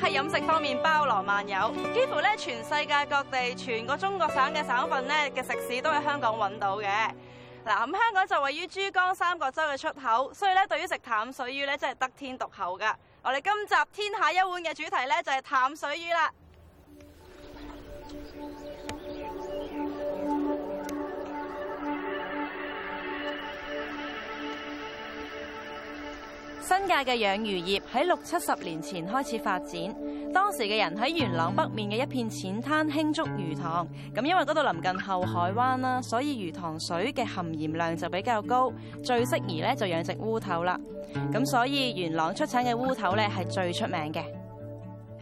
喺飲食方面包羅萬有，幾乎咧，全世界各地、全個中國省嘅省份呢，嘅食肆都喺香港揾到嘅。嗱，咁香港就位於珠江三角洲嘅出口，所以咧，對於食淡水魚咧真係得天獨厚噶。我哋今集天下一碗嘅主題咧就係、是、淡水魚啦。新界嘅養魚業喺六七十年前開始發展，當時嘅人喺元朗北面嘅一片淺灘興築魚塘，咁因為嗰度臨近后海灣啦，所以魚塘水嘅含鹽量就比較高，最適宜咧就養殖烏頭啦。咁所以元朗出產嘅烏頭咧係最出名嘅。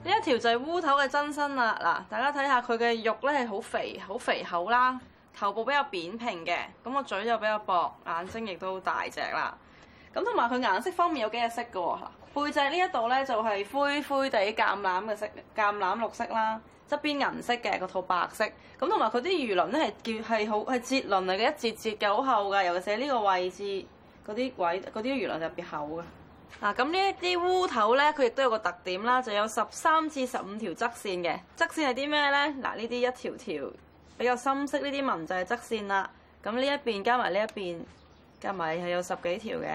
呢一條就係烏頭嘅真身啦，嗱，大家睇下佢嘅肉咧係好肥，好肥厚啦，頭部比較扁平嘅，咁個嘴又比較薄，眼睛亦都大隻啦。咁同埋佢顏色方面有幾隻色嘅喎、哦、背脊呢一度咧就係、是、灰灰地橄欖嘅色，橄欖綠色啦，側邊銀色嘅個肚白色。咁同埋佢啲魚鱗咧係叫係好係節鱗嚟嘅，一節節嘅好厚嘅，尤其係呢個位置嗰啲位嗰啲魚鱗特別厚嘅。嗱咁呢一啲烏頭咧，佢亦都有個特點啦，就有十三至十五條側線嘅，側線係啲咩咧？嗱呢啲一條條比較深色呢啲紋就係側線啦。咁呢一邊加埋呢一邊。夾埋係有十幾條嘅。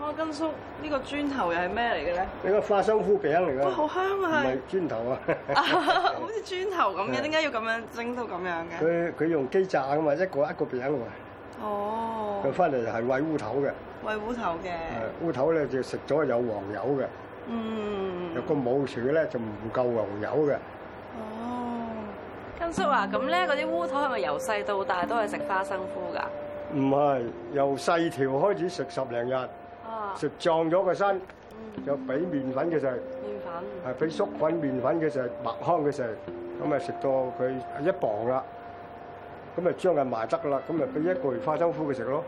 阿金、啊、叔，呢、這個磚頭又係咩嚟嘅咧？你個花生酥餅嚟噶。哇，好香啊！唔係 磚頭啊。好似磚頭咁嘅，點解要咁樣整到咁樣嘅？佢佢用雞炸噶嘛，一個一個餅噶嘛。哦。佢翻嚟就係餵烏頭嘅。餵烏頭嘅。烏頭咧就食咗有黃油嘅。嗯。有個冇薯嘅咧就唔夠黃油嘅。哦。金叔話、啊：咁咧，嗰啲烏頭係咪由細到大都係食花生麩㗎？唔係，由細條開始食十零日，食壯咗個身，就俾麵粉嘅時候，係俾粉粟粉、麵粉嘅時候、麥糠嘅時候，咁啊食到佢一磅啦，咁啊將佢埋得啦，咁咪俾一個月花生麩佢食咯，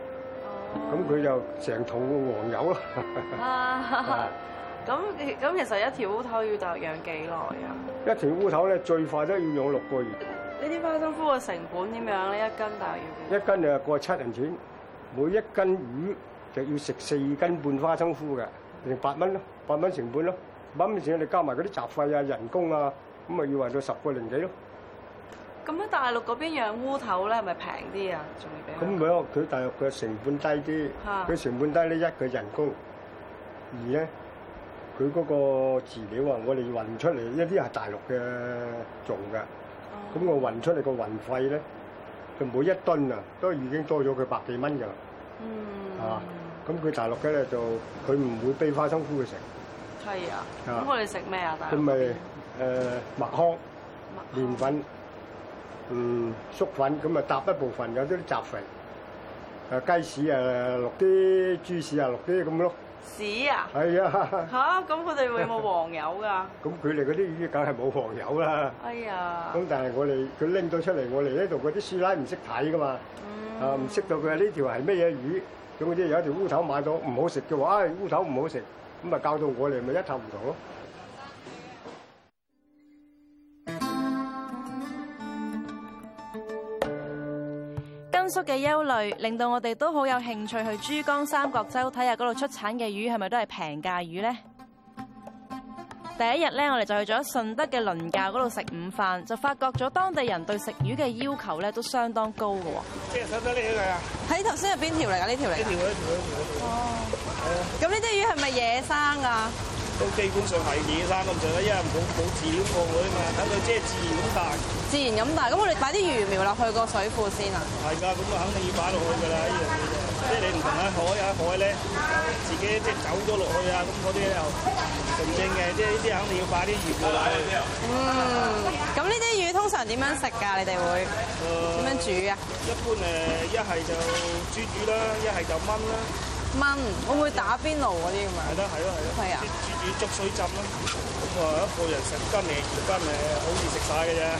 咁佢、啊、就成桶黃油咯。 啊 咁咁，其實一條烏頭要大約養幾耐啊？一條烏頭咧，最快都要養六個月。呢啲花生菇嘅成本點樣咧？一斤大約？一斤就過七銀錢，每一斤魚就要食四斤半花生菇嘅，定八蚊咯，八蚊成本咯，八蚊嘅錢你加埋嗰啲雜費啊、人工啊，咁咪要維到十個零幾咯。咁喺大陸嗰邊養烏頭咧，係咪平啲啊？仲要比？咁唔係咯，佢大陸嘅成本低啲，佢成本低呢哈，一個人工，而咧。佢嗰個飼料啊，啊我哋運出嚟一啲係大陸嘅做嘅，咁我運出嚟個運費咧，佢每一噸啊都已經多咗佢百幾蚊噶啦，啊，咁佢大陸嘅咧就佢唔會俾花生麩去食，係啊，咁我哋食咩啊？佢咪誒麥糠、麪粉、嗯粟粉，咁咪搭一部分有啲雜肥，誒、啊、雞屎啊，落啲豬屎啊，落啲咁咯。屎啊！係啊！吓？咁佢哋會冇黃油㗎？咁佢哋嗰啲魚梗係冇黃油啦。哎呀！咁但係我哋佢拎咗出嚟，我哋呢度嗰啲師奶唔識睇㗎嘛，嗯啊唔識到佢呢條係咩嘢魚，總之有一條烏頭買到唔好食嘅話，啊烏頭唔好食，咁咪教到我哋咪一塌唔同咯。溫叔嘅憂慮令到我哋都好有興趣去珠江三角洲睇下嗰度出產嘅魚係咪都係平價魚咧？第一日咧，我哋就去咗順德嘅倫教嗰度食午飯，就發覺咗當地人對食魚嘅要求咧都相當高嘅。即係使唔使拎起佢啊？喺頭先係邊條嚟噶？呢條嚟嘅。一條一條一條。哦哇。係啊。咁呢啲魚係咪野生啊？都基本上係野生咁上啦，因為冇冇飼料放佢啊嘛，等佢即係自然咁大。自然咁大，咁我哋擺啲魚苗落去個水庫先啊？係噶，咁啊肯定要擺落去噶啦，呢樣嘢。即係你唔同喺海啊海咧，自己即係走咗落去啊，咁嗰啲又純正嘅，即係呢啲肯定要擺啲魚苗落去。嗯，咁呢啲魚通常點樣食噶？你哋會點樣煮啊？一般誒，一係就煮魚啦，一係就燜啦。蚊，會唔會打邊爐嗰啲咁啊？係咯，係咯，係咯嗎。係啊。啲魚粥水浸咯，咁啊一個人食得嚟食得咧，好易食晒嘅啫。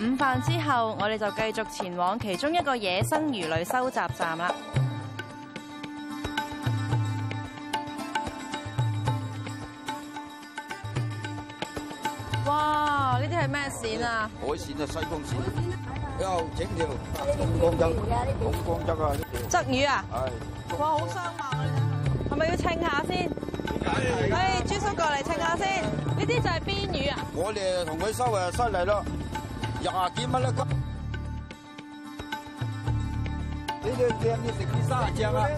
午飯之後，我哋就繼續前往其中一個野生魚類收集站啦。哇！呢啲係咩線啊？海線啊，西風線。又整條紅光質，紅光質啊！呢條。鯽魚啊！係。哇，好相望！啊、嗯！係咪要稱下先？係。喂，朱叔過嚟稱下先。呢啲就係邊魚啊？我哋同佢收啊，犀利咯，廿幾蚊一斤。呢啲釣魚食啲沙蝦啊！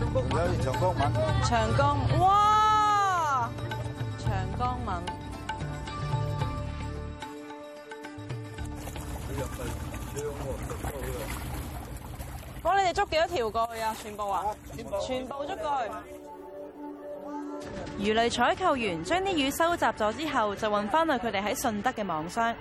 有長江米。長江，哇！幫、哦、你哋捉幾多條過去啊？全部啊，全部捉過去。魚類採購員將啲魚收集咗之後，就運翻去佢哋喺順德嘅網箱。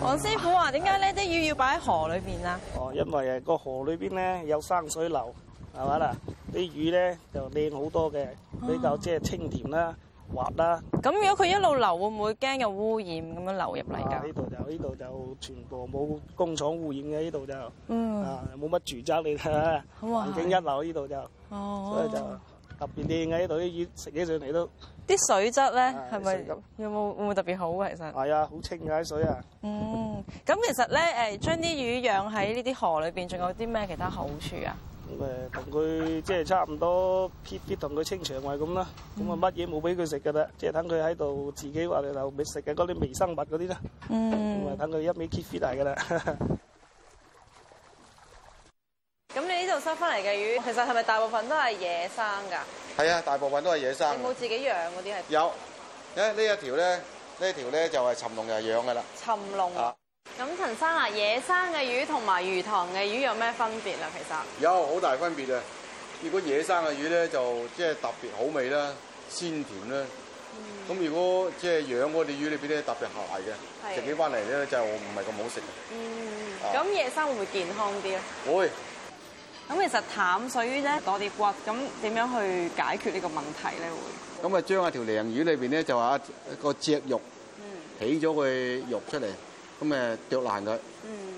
黃、啊、師傅話，點解呢啲的魚要擺喺河裏邊啊？哦，因為誒個河裏邊咧有生水流，係嘛啦，啲魚咧就靚好多嘅，比較即係清甜啦。啊啊滑啦！咁如果佢一路流，會唔會驚有污染咁樣流入嚟噶？呢度、啊、就呢度就全部冇工廠污染嘅，呢度就嗯啊冇乜住宅嚟嘅，啊、哇、環境一流，呢度就哦，所以就特別靚嘅，呢度啲魚食起上嚟都啲水質咧係咪有冇會唔會特別好啊？其實係啊，好清嘅啲水啊！嗯，咁其實咧誒，將啲魚養喺呢啲河裏邊，仲有啲咩其他好處啊？誒同佢即係差唔多，撇啲同佢清腸胃咁啦。咁啊乜嘢冇俾佢食嘅啦，即係等佢喺度自己話你留畀食嘅嗰啲微生物嗰啲啦。嗯，咁啊等佢一味 keep fit 大嘅啦。咁你呢度收翻嚟嘅魚，其實係咪大部分都係野生㗎？係啊，大部分都係野生。你冇自己養嗰啲係？有。誒呢一條咧，呢一條咧就係尋龍，又係養嘅啦。尋龍。咁陳生啊，野生嘅魚同埋魚塘嘅魚有咩分別啊？其實有好大分別啊！如果野生嘅魚咧，就即、是、係特別好味啦，鮮甜啦。咁、嗯、如果即係養嗰啲魚咧，變咗特別鹹嘅食起翻嚟咧，就唔係咁好食。嗯，咁野生會唔會健康啲咧？會。咁其實淡水魚咧多啲骨，咁點樣去解決呢個問題咧？會。咁啊，將一條鯪魚裏邊咧就話一個脊肉起咗佢肉出嚟。咁誒剁爛佢，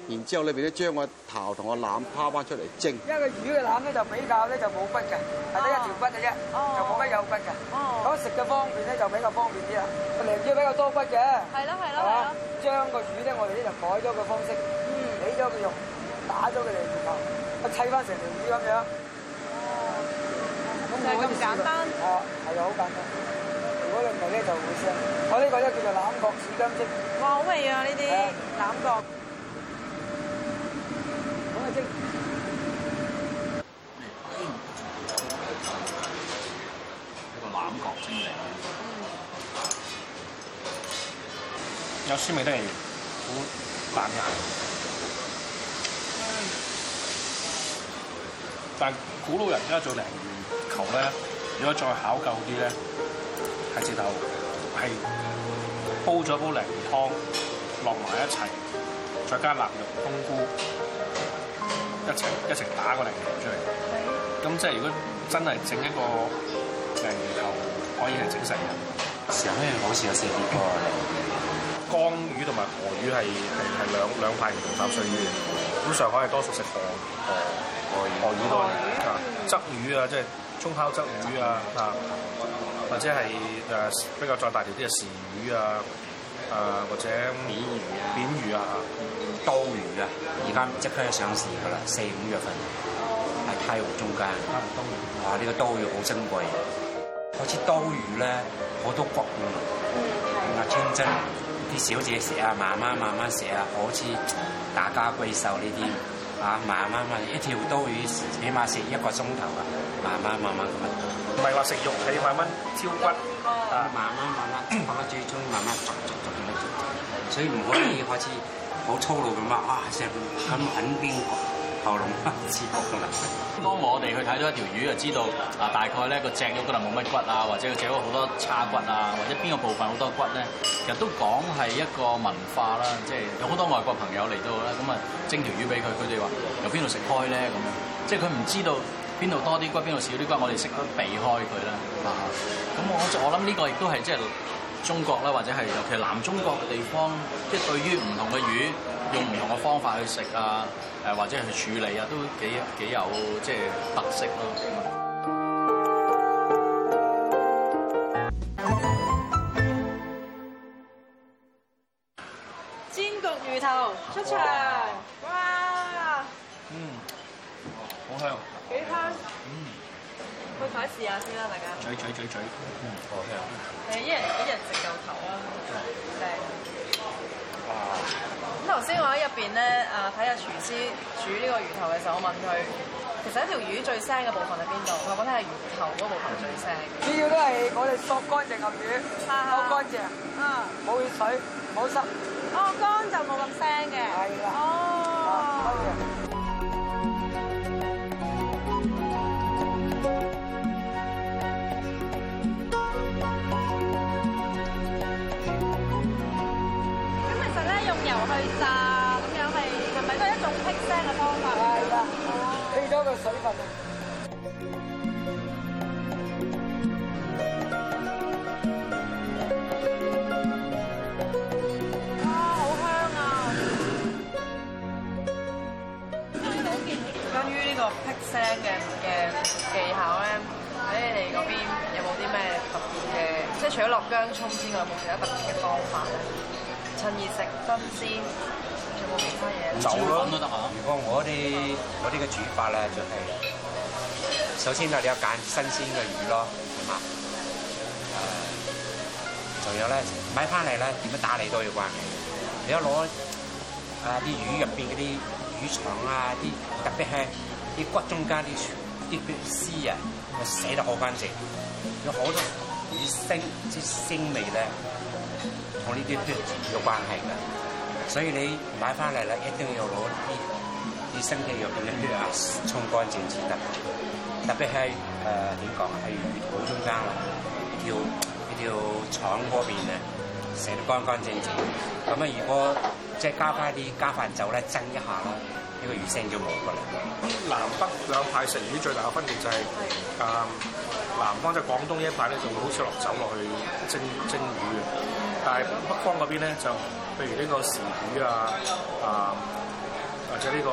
然之後裏邊咧將個頭同個腩拋翻出嚟蒸。因為魚嘅腩咧就比較咧就冇骨㗎，得一條骨嘅啫，就冇骨有骨㗎。咁食嘅方便咧就比較方便啲啦。鯪魚比較多骨嘅，係囉，係囉。將個魚咧我哋呢就改咗個方式，起咗個肉，打咗個鯪魚膠，我砌翻成條魚咁樣。就係咁簡單。哦，係好簡單。我呢 、啊，這個都叫做欖角紫薑晶。哇，好味啊！呢啲欖角，咁嘅、嗯這個、角晶嚟， 有酸味都係、嗯、但係古老人家做鯪魚球咧，如果再考究啲咧。蟹子頭係煲咗煲鯪魚湯，落埋一齊，再加臘肉、冬菇，一齊一齊打個鯪魚出嚟。咁即係如果真係整一個鯪魚頭，可以係整成。成咩嘢？好似有四、五個。江魚同埋河魚係係係兩兩塊唔同淡水魚。咁上海係多數食河河河魚多，啊魚，鯽魚啊，即係葱烤鯽魚啊，啊。或者係誒比較再大條啲嘅鱔魚啊，誒或者扁魚啊，扁魚啊，刀魚啊，而家即刻上市㗎啦，四五月份喺太湖中間，哇！呢個刀魚好珍貴，好似刀魚咧好多骨啊，清蒸啲小姐食啊，慢慢慢慢食啊，好似大家貴壽呢啲。啊，慢慢慢，一條刀魚起碼食一個鐘頭啊，慢慢慢慢咁啊，唔係話食肉，係要慢慢挑骨啊，慢慢慢慢，我最中意慢慢逐逐咁樣，所以唔可以開始好咳咀粗魯咁話，uh,，哇成咁揾邊個？包 龍， 折骨嘅當我哋去睇到一條魚，就知道啊，大概咧個脊骨可能冇乜骨啊，或者佢脊咗好多叉骨啊，或者邊個部分好多骨咧，其實都講係一個文化啦，即係有好多外國朋友嚟到咧，咁啊蒸條魚俾佢，佢哋話由邊度食開咧咁樣，即係佢唔知道邊度多啲骨，邊度少啲骨，我哋識得避開佢啦。咁我我諗呢個亦都係即係。中國啦，或者係尤其係南中國嘅地方，即係對於唔同嘅魚用唔同嘅方法去食啊，誒，或者去處理啊，都幾幾有即係特色咯。嗯試下先啦，大家。嘴嘴嘴嘴，嘴嘴嘴嗯，好聽 Okay. 人。誒，一人一人食夠頭啦，靚、嗯。咁頭先我喺入邊咧，誒睇下廚師煮呢個魚頭嘅時候，我問佢，其實一條魚最腥嘅部分喺邊度？我覺得係魚頭嗰部分最腥。主要都係我哋索乾淨嘅魚，夠、啊、乾淨，嗯、啊，冇血水，冇濕。乾就冇咁腥嘅。係啦。哦。了加個水分啊！哇，好香啊！關於呢個辟腥嘅嘅技巧咧，喺你哋嗰邊有冇啲咩特別嘅？即係除咗落薑葱之外，有冇其他特別嘅方法咧？趁熱食新鮮。走咯！如果我啲我啲嘅煮法咧，就係、是、首先啊，你要揀新鮮嘅魚咯，係嘛？誒，仲有咧，買翻嚟咧，點樣打理都有關係。你一攞啊啲魚入邊嗰啲魚腸啊，啲特別係啲骨中間啲啲絲啊，咪洗得好乾淨。有好多魚腥即腥味咧，同呢啲都有關係㗎。所以你買翻嚟啦，一定要攞啲啲生薑入邊嘅血啊，沖、mm hmm. 乾淨至得。特別係誒點講啊，係魚肚中間啊，呢條呢條腸嗰邊啊，洗得乾乾淨淨。咁、嗯、啊，如果即係加翻啲加飯酒咧，蒸一下啦，呢、這個魚腥就冇咗啦。咁南北兩派食魚最大嘅分別就係、是、誒、啊、南方即係廣東一派咧，仲會好似落酒落去蒸蒸魚啊。但係北方嗰邊咧，就譬如呢個豉魚啊，啊或者呢個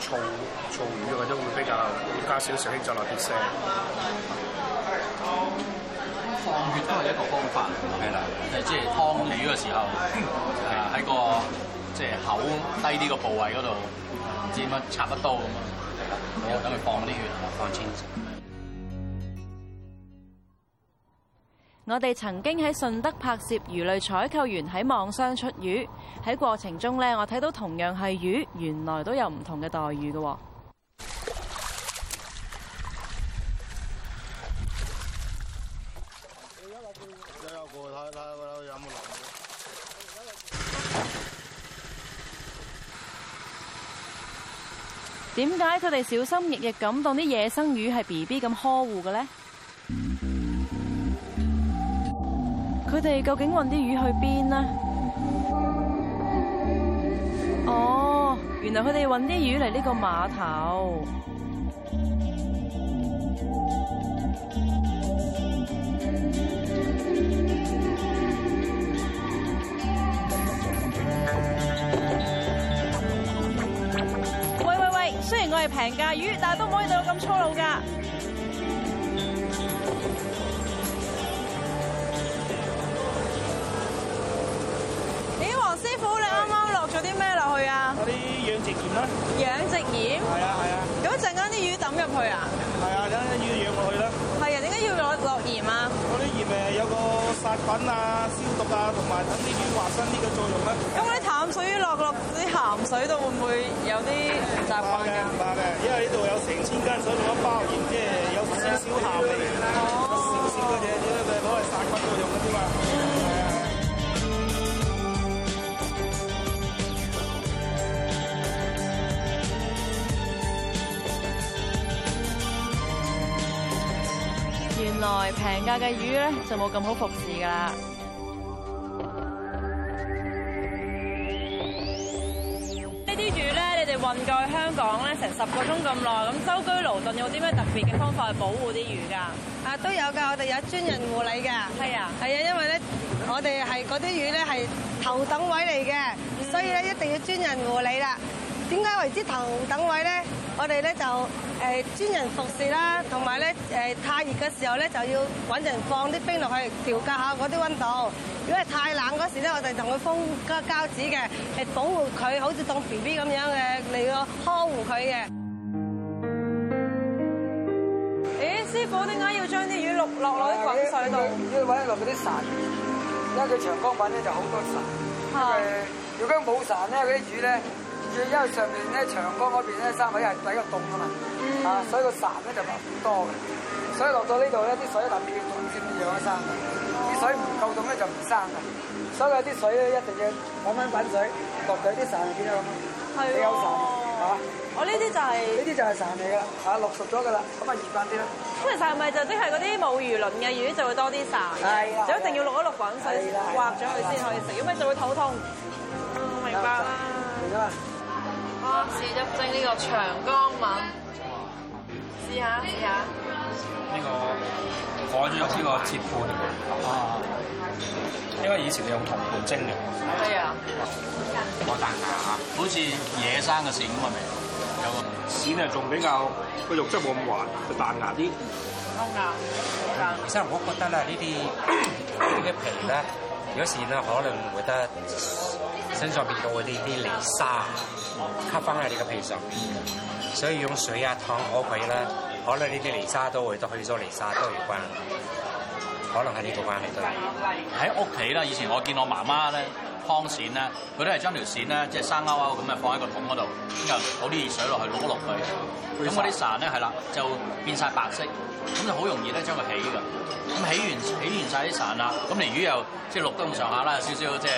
醋醋魚或、啊、者會比較會加少少加少少，酒落啲腥。放血都係一個方法，係啦的，誒即係劏魚嘅時候，誒喺的的個即係、就是、口低呢個部位嗰度，唔知乜插一刀咁啊，咁樣等佢放啲血，放清。我哋曾經喺順德拍攝魚類採購員喺網箱出魚，喺過程中呢，我睇到同樣係魚，原來都有唔同嘅待遇噶。點解佢哋小心翼翼咁當啲野生魚係 BB 咁呵護嘅呢？佢哋究竟運啲魚去邊呢？哦，原來佢哋運啲魚嚟呢個碼頭。喂喂喂！雖然我係平價魚，但係都唔可以對我咁粗魯噶。師傅，你啱啱落咗啲咩落去啊？嗰啲養殖鹽啦。養殖鹽？係啊，係啊。咁一陣間啲魚抌入去啊？係啊，等啲魚養落去啦。係啊，點解要落落鹽啊？嗰啲鹽咪，有個殺菌啊、消毒啊，同埋等啲魚滑身呢個作用啦。咁啲淡水魚落落啲鹹水度，會唔會有啲唔習慣啊？唔怕嘅，唔怕嘅，因為呢度有成千斤水度一包鹽，即係有少少鹹味，少少哦，少少嘅嘢，主要係攞嚟殺菌作用嗰啲嘛。原來平價嘅魚咧就冇咁好服侍噶啦。呢啲魚咧，你哋運過去香港咧成十個鐘咁耐，咁舟車勞頓，有啲咩特別嘅方法去保護啲魚噶？啊，都有噶，我哋有專人護理噶。係啊嗎。係啊，因為咧，我哋係嗰啲魚咧係頭等位嚟嘅，所以咧一定要專人護理啦。點解為之頭等位咧？我哋咧就誒專人服侍啦，同埋咧誒太熱嘅時候咧就要揾人放啲冰落去調較下嗰啲溫度。如果係太冷嗰時咧，我哋同佢封個膠紙嘅，係保護佢，好似當 B B 咁樣嘅嚟個呵護佢嘅。咦，師傅點解要將啲魚落落落啲滾水度？要揾落嗰啲潺魚，而家佢長江粉咧就好多潺。係的。因為如果冇潺咧，嗰啲魚咧。因為上面咧長江嗰邊咧生位係唔使個凍噶嘛，啊，所以個潺咧就唔係咁多嘅，所以落咗呢度咧啲水一定要凍先至養得生，啲水唔夠凍咧就唔生嘅，所以有啲水咧一定要攞翻滾水落佢啲潺先得嘅，你有潺嚇？我呢啲就係呢啲就係潺嚟啦，嚇，熟咗嘅啦，咁啊熱慣啲啦。咁啊，係咪就即係嗰啲冇魚鱗嘅魚就會多啲潺？係啊，一定要落一落滾水滑咗佢先可以食，咁果就會肚痛。明白啦。明白。試一、哦、蒸呢、這個長江吻，試下試下。呢、這個改咗呢個鐵盤，嗯、啊，因為以前你用銅盤蒸嘅。係啊。個彈牙啊，好似野生嘅線咁係咪？有啊，線啊仲比較個肉質冇咁滑，個彈牙啲。膠牙、嗯。嗯嗯、其實我覺得咧，呢啲嘅皮咧，如果線咧可能會得。身上邊都會呢啲泥沙，吸翻喺你嘅皮上，所以用水啊，燙可佢咧，可能呢啲泥沙都會都去咗，泥沙都有關係，可能係呢個關係都喺屋企啦。以前我見我媽媽咧。湯鱔咧，佢都係將條鱔咧，即係生勾勾咁啊，樣放喺個桶嗰度，然後倒啲熱水落去碌落去，咁嗰啲潺咧係啦，就變晒白色，咁就好容易咧將佢起㗎。咁起完起完曬啲潺啦，咁條魚又即係淥得咁上下啦，少少即係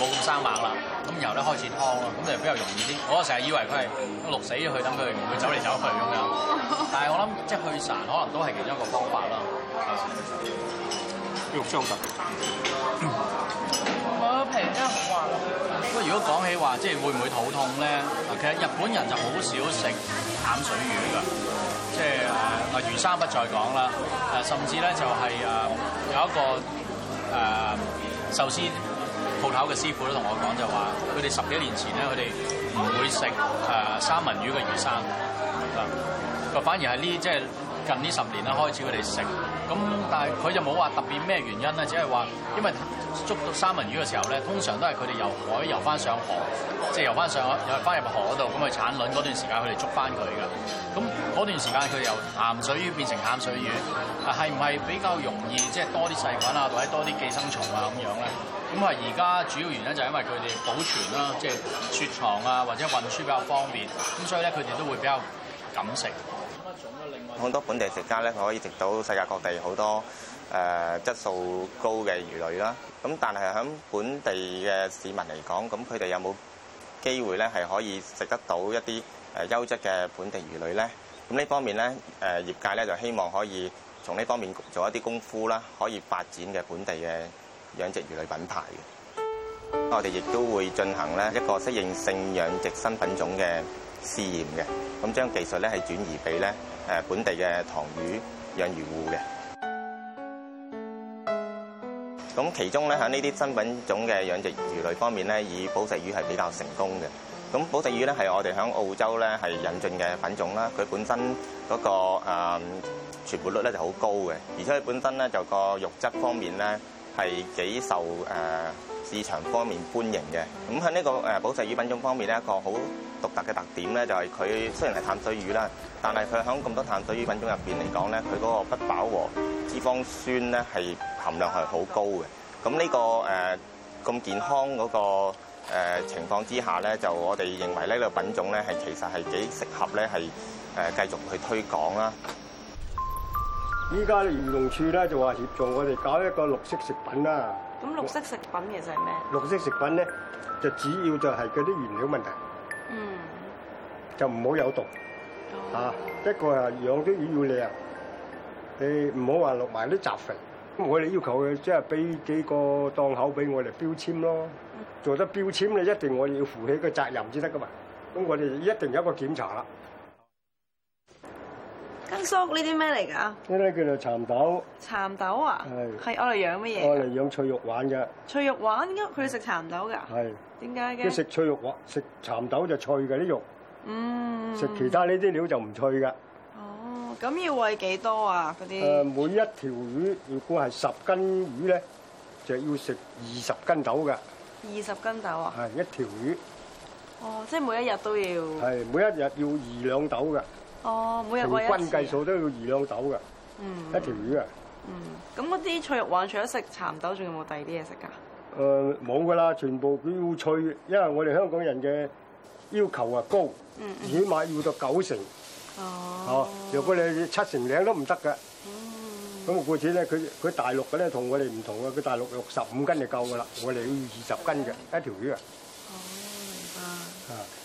冇咁生猛啦。咁由咧開始湯咯，咁就比較容易啲。我成日以為佢係淥死咗佢，等佢唔會走嚟走去咁樣，但係我諗即係去潺可能都係其中一個方法啦。肉 真係好滑喎！不過如果講起話，即係會唔會肚痛咧？其實日本人就好少食淡水魚㗎，即、就、係、是、啊魚生不再講啦、啊。甚至咧就係、是、啊有一個誒、啊、壽司鋪頭嘅師傅都同我講就話，佢哋十幾年前咧佢哋唔會食誒、啊、三文魚嘅魚生啊，個反而係呢即係。就是近呢十年咧開始佢哋食，咁但係佢就冇話特別咩原因咧，只係話因為捉到三文魚嘅時候咧，通常都係佢哋由海遊翻上河，即係遊翻上，又翻入河嗰度，咁啊產卵嗰段時間佢哋捉翻佢噶。咁嗰段時間佢由鹹水魚變成淡水魚，係唔係比較容易即係多啲細菌啊，或者多啲寄生蟲啊咁樣咧？咁啊而家主要原因就係因為佢哋保存啦，即係雪藏啊或者運輸比較方便，咁所以咧佢哋都會比較敢食。好多本地食家咧，佢可以食到世界各地好多誒質素高嘅魚類啦。咁但係喺本地嘅市民嚟講，咁佢哋有冇機會咧係可以食得到一啲誒優質嘅本地魚類咧？咁呢方面咧，誒業界咧就希望可以從呢方面做一啲功夫啦，可以發展嘅本地嘅養殖魚類品牌嘅。我哋亦都會進行咧一個適應性養殖新品種嘅試驗嘅，咁將技術咧係轉移俾咧。誒本地嘅塘魚養魚戶嘅，咁其中咧喺呢啲新品種嘅養殖魚類方面咧，以寶石魚係比較成功嘅。咁寶石魚咧係我哋喺澳洲咧係引進嘅品種啦，佢本身嗰個誒存活率咧就好高嘅，而且佢本身咧就個肉質方面咧係幾受誒。呃市場方面歡迎嘅，咁喺呢個誒保食魚品種方面呢，一個好獨特嘅特點咧，就係佢雖然係淡水魚啦，但係佢喺咁多淡水魚品種入邊嚟講咧，佢嗰個不飽和脂肪酸咧係含量係好高嘅。咁呢個誒咁、呃、健康嗰個、呃、情況之下咧，就我哋認為呢個品種咧係其實係幾適合咧係誒繼續去推廣啦。依家漁農處咧就話協助我哋搞一個綠色食品啦。咁綠色食品其實係咩？綠色食品咧就主要就係嗰啲原料問題。嗯。就唔好有毒嚇，一個係養啲魚要靚，你唔好話落埋啲雜肥。咁我哋要求嘅即係俾幾個檔口俾我哋標籤咯。做得標籤咧，一定我哋要負起個責任先得㗎嘛。咁我哋一定有一個檢查啦。根叔，呢啲咩嚟噶？呢啲叫做蠶豆。蠶豆啊？係。係我嚟養乜嘢？我嚟養脆肉鯇嘅。脆肉鯇咁，佢食蠶豆噶？係。點解嘅？即食脆肉鯇食蠶豆就脆嘅啲肉。嗯。食其他呢啲料就唔脆嘅。哦，咁要餵幾多啊？嗰啲？誒，每一條魚，如果係十斤魚咧，就要食二十斤豆嘅。二十斤豆啊？係一條魚。哦，即係每一日都要。係，每一日要二兩豆嘅。哦，每日喂一斤，計數都要二兩豆嘅，嗯、一條魚啊。嗯，咁嗰啲脆肉鯇除咗食蠶豆，仲有冇第二啲嘢食噶？誒、呃，冇噶啦，全部都要脆。因為我哋香港人嘅要求啊高，嗯嗯、起碼要到九成，哦，哦，如果你七成兩都唔得嘅。嗯，咁故此咧，佢佢大陸嘅咧同我哋唔同啊，佢大陸六十五斤就夠噶啦，我哋要二十斤嘅一條魚啊。哦、嗯。啊、嗯。嗯